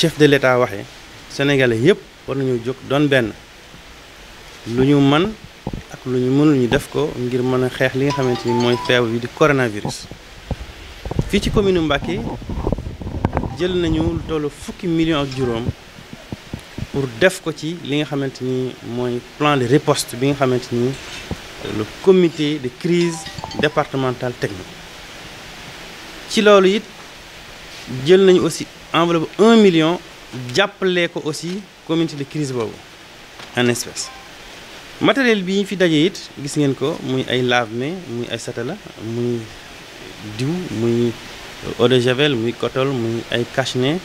chef de l'État waxee sénégalais yëpp war nañu jóg doon benn lu ñu man ak lu ñu mënul ñu def ko ngir mën a xeex li nga xamante ni mooy feebar bi di coronavirus fii ci commune Mbacké jël nañu lu tollu fukki million ak juróom pour def ko ci li nga xamante ni mooy plan de riposte bi nga xamante ni euh, le comité de crise départementale technique ci loolu it jël nañu aussi enveloppe un million jàppale ko aussi communauté de crise boobu en espèce matériel bi ñu fi daje it gis ngeen ko muy ay lave-mains muy ay satala muy diw muy eau de javel muy kotol muy ay cache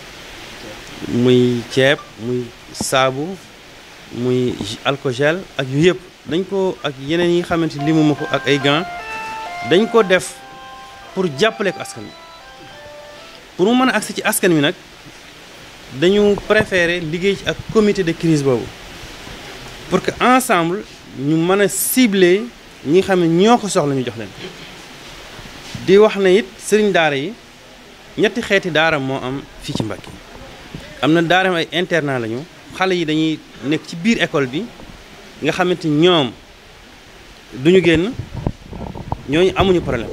muy ceeb muy saabu muy alcogel ak yu yëpp dañ ko ak yeneen yi nga xamante limuma ko ak ay gants dañ ko def pour jàppale ko askan bi pour mu mën a agsi ci askan wi nag dañu préférer liggéey ci ak comité de crise boobu pour que ensemble ñu mën a cibler ñi nga xam ne ñoo ko soxla ñu jox leen di wax na it sëriñ daara yi ñetti xeeti daara moo am fii ci Mbàkke am na daara ay internat lañu xale yi dañuy nekk ci biir école bi nga xamante ñoom duñu génn ñooñu amuñu problème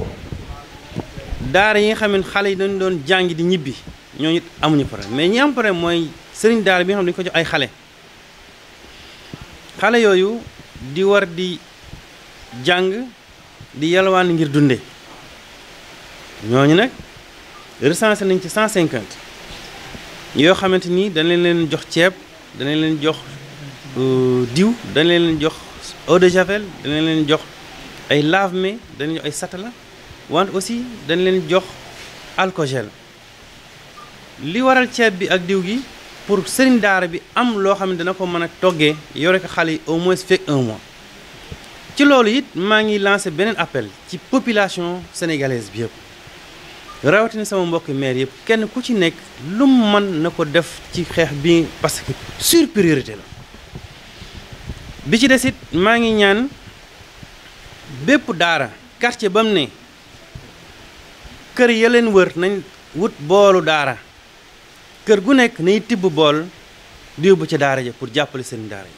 daara yi nga xam xale yi dañu doon jàngi di ñibbi ñooñu it amuñu problème mais ñi am problème mooy sëriñ daara bi nga xam dañu ko jox ay xale xale yooyu di war di jàng di yalwaan ngir dunde ñooñu nag recensé nañ ci 150 yoo xamante ni danañ leen jox ceeb danañ leen jox euh, diw danañ leen jox eau de javel danañ leen jox ay lave-mains danañ jox ay satala wante aussi dañ leen jox alcogel li waral ceeb bi ak diw gi pour sëriñ daara bi am loo xam ne dana ko mën a toggee yore ko xale yi au moins fekk un mois ci loolu it maa ngi lancé beneen appel ci population sénégalaise bi yëpp rawatina sama mbokki maire yëpp kenn ku ci nekk lu mën na ko def ci xeex bi parce que sur la bi ci des it maa ngi ñaan bépp daara quartier ba mu ne kër ya leen wër nañ wut boolu daara kër gu nekk nay tibb bool di bu ca daara ja pour jàppale sëriñ daara yi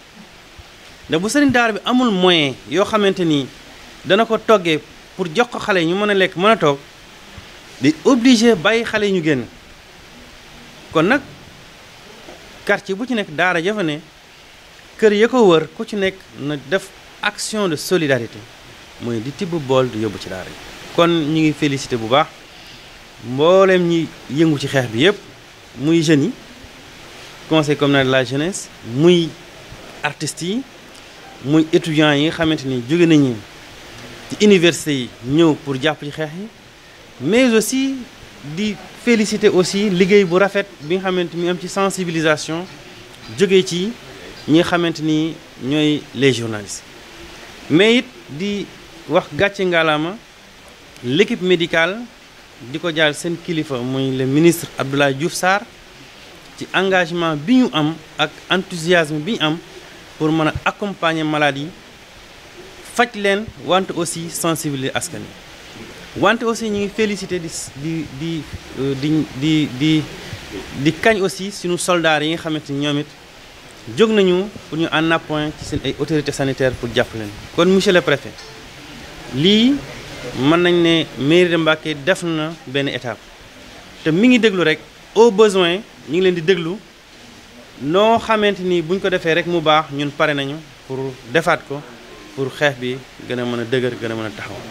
ndax bu sëriñ daara bi amul moyen yoo xamante ni dana ko toggee pour jox ko xale yi ñu mën a lekk mën a toog di obligé bàyyi xale yi ñu génn kon nag quartier bu ci nekk daara ja fa ne kër ya ko wër ku ci nekk na def action de solidarité mooy di tibb bool di yóbbu ci daara yi kon ñu ngi félicité bu baax mboolem ñi yëngu ci xeex bi yëpp muy jeunes yi conseil communal de la jeunesse muy artistes yi muy étudiants yi nga xamante ni jóge nañu ci université yi ñëw pour jàpp ci xeex yi mais aussi di féliciter aussi liggéey bu rafet bi nga xamante ni am ci sensibilisation jóge ci ñi nga xamante ni ñooy les journalistes mais it di wax gàcce ngalaama l'équipe médicale di ko jaar seen kilifa muy le ministre Abdoulaye Diouf Sarr ci engagement bi ñu am ak enthousiasme bi ñu am pour mën a accompagner malade faj leen wante aussi sensibiliser askan wi wante aussi ñu ngi félicité di di di euh, di di di di kañ aussi sunu soldats yi nga xamante ni ñoom it jóg nañu pour ñu en appoint ci seen ay autorité sanitaire pour jàpp leen kon monsieur le préfet lii. mën nañ ne mairie de def na benn étape te mi ngi déglu rek o besoin ñu ngi leen di déglu noo xamante ni buñ ko defee rek mu baax ñun pare nañu pour defaat ko pour xeex bi gën a mën a dëgër gën a mën a taxaw